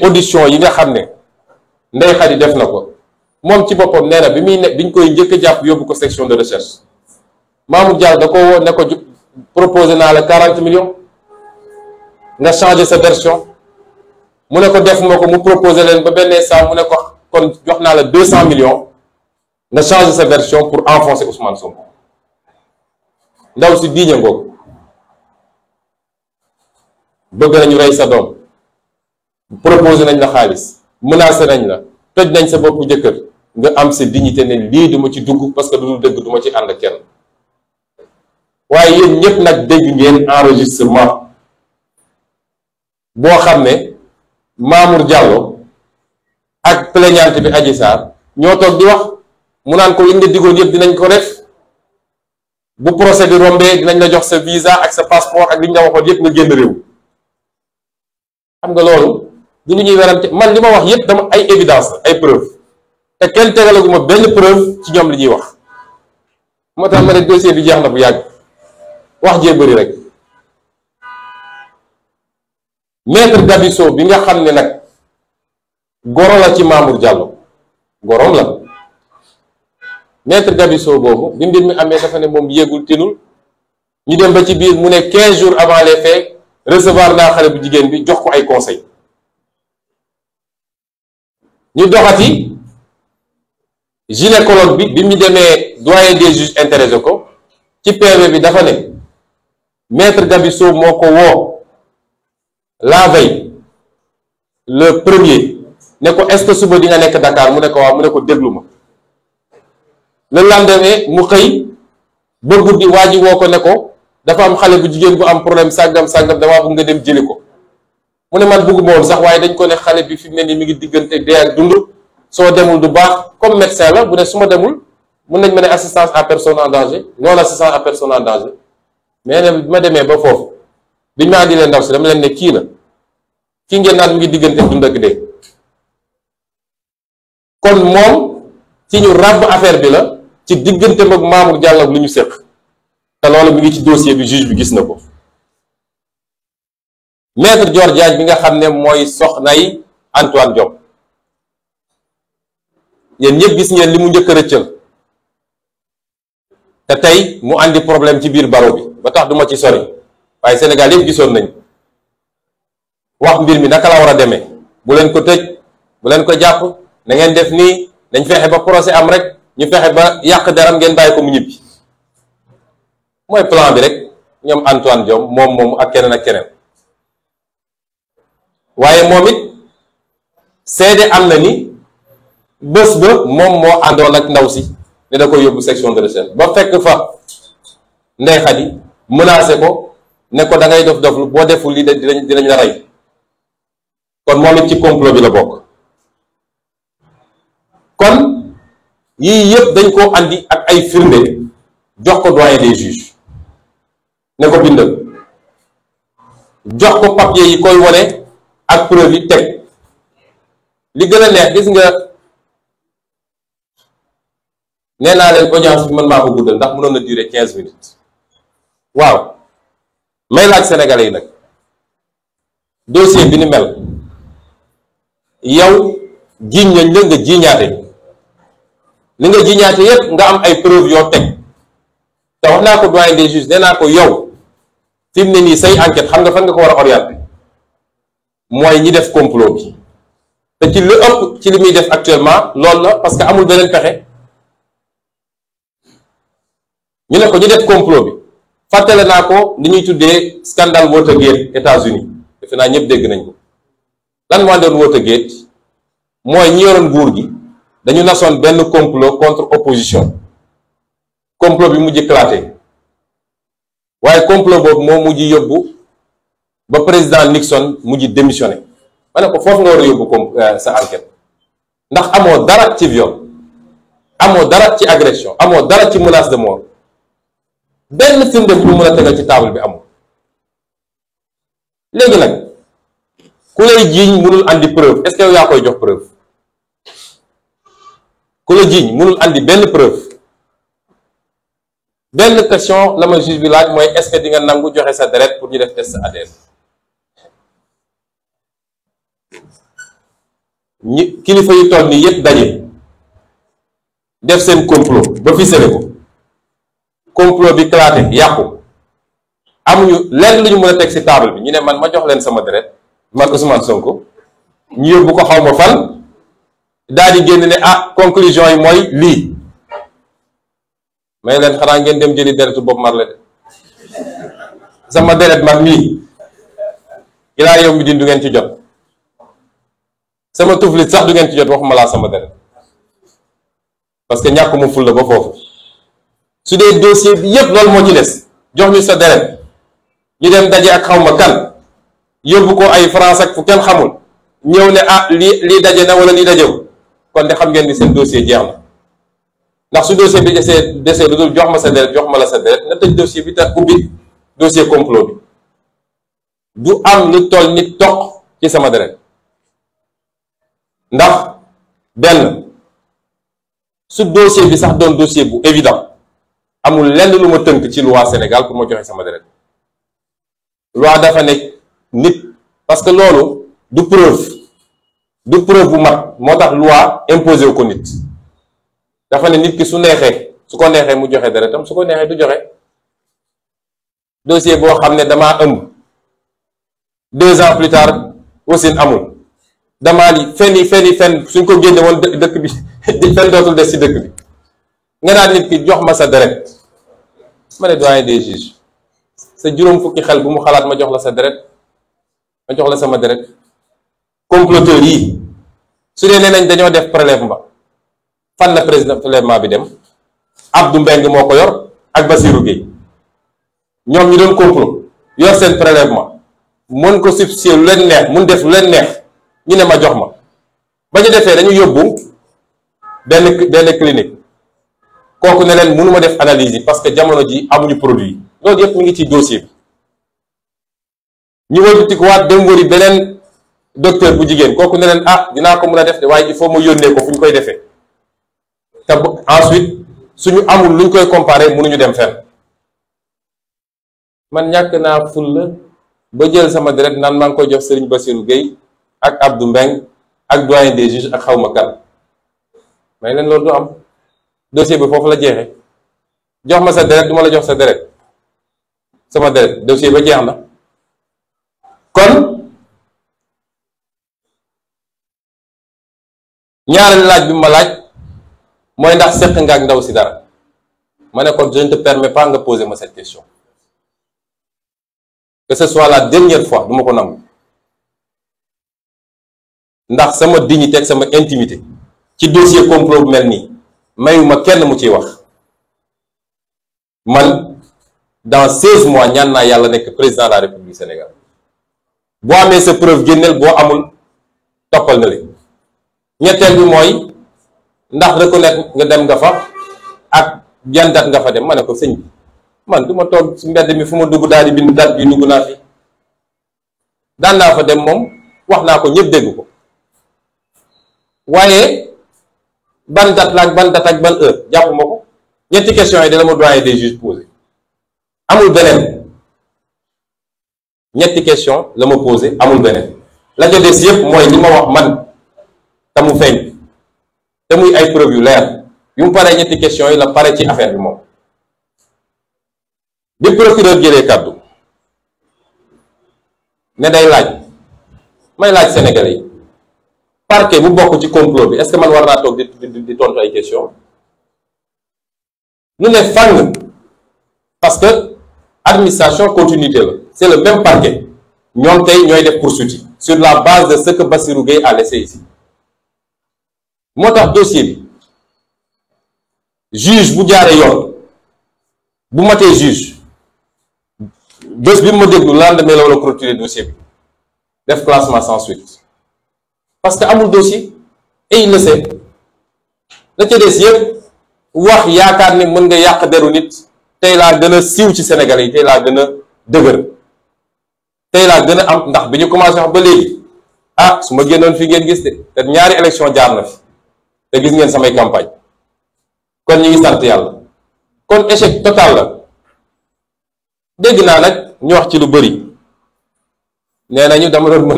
audition yi nga xam ne Ndeye Khady def na ko moom ci boppam nee na bi muy ne bi ñu koy njëkk jàpp yóbbu ko section de recherche Mamour Diallo da ko woon ne ko proposé naa la quarante millions nga changé sa version mu ne ko def ma ko mu proposé leen ba benn saa mu ne ko kon jox naa la deux cent millions nga changé sa version pour enfoncer Ousmane Sonko ndaw si diiña ngoog bëgg nañu rey sa doom proposé nañ la xaalis menacé nañ la toj nañ sa bopp jëkkër nga am sa dignité ne lii duma ci dugg parce que lu dul dëgg duma ci ànd kenn waaye yéen ñëpp nag dégg ngeen enregistrement boo xam ne Mamour Diallo ak plaignante bi Adji Sarr ñoo toog di wax mu naan ko li nga digoon yëpp dinañ ko def bu procès bi rombee dinañ la jox sa visa ak sa passeport ak li ñu la waxoon yëpp nga génn réew xam nga loolu du lu ñuy werante man li ma wax yépp dama ay évidence la ay preuve te kenn tegalaguma benn preuve ci ñoom li ñuy wax moo tax ma ne dossier bi jeex na bu yàgg wax jee bëri rek maître Gabisso bi nga xam ne nag goro la ci Mamour Diallo gorom la maître Gabisso boobu bi mbir mi amee dafa ne moom yéegul tinul ñu dem ba ci biir mu ne 15 jours avant les faits recevoir naa xale bu jigéen bi jox ko ay conseil ñu doxati gynécologue bi bi mu demee doyen des juges intéressé ko ci PV bi dafa ne maître Gabisso moo ko woo la veille le premier ne ko est suba di nga nekk Dakar mu ne ko waaw mu ne ko déglu ma la lendemain mu xëy ba guddi waa ji woo ko ne ko dafa am xale bu jigéen bu am problème sàngam sàngam damaa bëgg nga dem jëli ko mu ne man bëgguma moom sax waaye dañ ko ne xale bi fi mu ne nii mi ngi diggante dee ak dund soo demul du baax comme la bu ne su ma demul mun nañ ma ne assistance à personne en danger non assistance à personne en danger mais nag bi ma demee ba foofu biñ ma andi leen ndaw si dama leen ne kii na kii ngeen naa mi ngi diggante dund ak dee kon moom ci ñu ràbb affaire bi la ci diggante mag Mamour Diallo ak lu ñu séq te loolu mi ngi ci dossier bi juge bi gis na ko. maître Dior jaan bi nga xam ne mooy soxnay Antoine Diop yéen ñëpp gis ngeen li mu njëkk a rëccal te tey mu indi problème ci biir baro bi ba tax duma ci sori waaye Sénégal yëpp gisoon nañ wax mbir mi naka la war a demee bu leen ko tëj bu leen ko jàpp na ngeen def nii dañ fexe ba procès am rek ñu fexe ba yàq daram ngeen bàyyi ko mu ñibbi mooy plan bi rek ñoom Antoine Diop moom moom ak keneen ak keneen waaye moom it seede am na ni bés ba moom moo àndoon ak ndaw si ne da koy yóbbu section de recherche ba fekk fa ndey xadi menacé ko ne ko da ngay dof doflu boo deful li dinañ dinañ la rey kon moom it ci complot bi la bokk kon yii yëpp dañ koo andi ak ay firnde jox ko doyen des juges ne ko bindal jox ko papier yi koy wone ak preuve yi teg li gën a neex gis nga nee naa leen audience bi man maa ko guddal ndax mënoon na durer quinze minutes waaw may laaj sénégalais yi nag dossier bi ni mel yow jiiñ lañ la nga jiiñaate li nga jiiñaate yépp nga am ay preuve yoo teg te wax naa ko doyen des juges nee naa ko yow fi mu ne nii say enquête xam nga fan nga ko war a orienté mooy ñi def complot bi te ci lu ëpp ci li muy def actuellement loolu la parce que amul beneen pexe ñu ne ko ñu def complot bi fàttale naa ko li ñuy tuddee scandale Watergate États-Unis defe naa ñëpp dégg nañ ko lan moo doon Watergate mooy ñi yoroon nguur gi dañu nasoon benn complot contre opposition complot bi mujj éclaté waaye complot boobu moo mujj yóbbu. ba président Nixon mujj démissionné ma ne ko foofu nga war a yóbbu comme euh, sa enquête ndax amoo dara ci viol amoo dara ci agression amoo dara ci menace de mort benn firnde bu mën a tegal ci table bi amul léegi nag ku lay jiiñ mënul andi preuve est yaa koy jox preuve ku la jiiñ mënul andi benn preuve benn question la ma juge bi laaj mooy est-ce que di nangu joxe sa deret pour ñu def test ADN ñi kilifa yi toll nii yëpp daje def seen complot ba fi sele ko complot bi claté yàqu amuñu lenn lu ñu mën a teg ci table bi ñu ne man ma jox leen sama deret man Ousmane Sonko ñu yóbbu ko xaw ma fan daal génn ne ah conclusion yi mooy lii may leen ngeen dem jëli deretu Bob Marley de deret man mii ilaa yow mi din du ngeen ci jot sama tuflit sax du ngeen ci jot waxuma laa sama deret parce que ñàkk mu ful la ba foofu su dee dossier bi yépp loolu moo ci des jox mi sa deret ñu dem daje ak xawma kan yóbbu ko ay France ak fu kenn xamul ñëw ne ah lii lii daje na wala lii dajewu kon de xam ngeen ni seen dossier jeex na ndax su dossier bi desee desee lu dul jox ma sa deret jox ma la sa deret na tëj bi te ubbi dossier complot bi du am lu toll nit toq ci sama deret ndax benn su dossier bi sax doon dossier bu évident amul lenn lu ma tënk ci loi Sénégal pour ma joxe sama deret loi dafa nekk nit parce que loolu du preuve du preuve bu mat moo tax loi imposé wu ko nit dafa ne nit ki su neexee su ko neexee mu joxe deretam su ko neexee du joxe dossier boo xam ne damaa ëmb deux ans plus tard wasin amul damaal yi fen yi fen yi fen suñ ko génne woon dëkk bi fen dootul des ci dëkk bi nga naan nit ki jox ma sa deret ma ne doyen des juges sa juróom fukki xel bu mu xalaat ma jox la sa deret ma jox la sama deret comploteurs yi su dee nee nañ dañoo def prélèvement fan la président prélèvement bi dem Abdou Mbengue moo ko yor ak Basirou Gueye ñoom ñu doon complot yor seen prélèvement mën ko substituer lu leen neex mun def lu leen neex ñu ne ma jox ma ba ñu defee dañu yóbbu benn benn clinique kooku ne leen mënu ma def analyse yi parce que jamono ji amuñu produit loolu yëpp mu ngi ci dossier bi ñu wëlbatikuwaat dem yi beneen docteur bu jigéen kooku ne ah dinaa ko mën a def de waaye il faut ma yónnee ko fu ñu koy defee te ensuite suñu amul luñ koy comparer mënuñu dem fenn man ñàkk naa fulla ba jël sama deret naan maa ngi koy jox Serigne Bassirou Gueye ak Abdou Mbeng ak doyen des juges ak xawma kan may leen loolu du am dossier bi foofu la jeexe jox ma sa deret du ma la jox sa deret sama deret dossier ba jeex na kon ñaareelu laaj bi ma laaj mooy ndax séq nga ak ndaw si dara ma ne kon je ne te pas nga poser ma cette question que ce soit la dernière fois du ko nangu ndax sama dignité teg sama intimité ci dossier complot mel nii mayuma kenn mu ciy wax man dans 16 mois ñaan naa yàlla nekk président la république du Sénégal boo amee sa preuve génneel boo amul toppal na leen ñetteel bi mooy ndax reconnaître nga dem nga fa ak yan nga fa dem ma ne ko sëñ bi man du ma toog ci mbedd mi fu ma dugg daal di bind date bi dugg naa fi daan naa fa dem moom wax naa ko ñëpp dégg ko. waaye ban date la ak ban date ak ban heure jàpp ko ñetti questions yi dina ma doyen des juges posé amul beneen ñetti question la ma posé amul beneen la ca des yëpp mooy li ma wax man te mu feeñ te muy ay preuve yu leer bi mu paree ñetti question yi la pare ci affaire bi moom bi procureur jëlee kàddu ne day laaj may laaj Sénégalais yi parquet bu bokk ci complot bi est-ce que man war naa toog di di tontu ay question ñu ne fàng parce que administration continuité la c'est le même parquet ñoom tey ñooy def poursuite yi sur la base de ce que Bassirou Gueye a laissé ici moo tax dossier bi juge bu jaaree yoon bu matee juge bés bi ma déglu lendemain la war a clôturer dossier bi def classement sans suite parce que amul dossier et il ca des yëpp wax yaakaar ni mën nga yàq deru nit tey laa gën a siiw ci Sénégal yi tey laa gën a dëgër tey laa gën a am ndax bi ñu commencé wax ba léegi ah su ma génnoon fii ngeen gis de te ñaari élection jaar na fi te gis ngeen samay campagne kon ñu ngi sant yàlla kon échec total la dégg naa nag ñu wax ci lu bëri nee nañu dama doon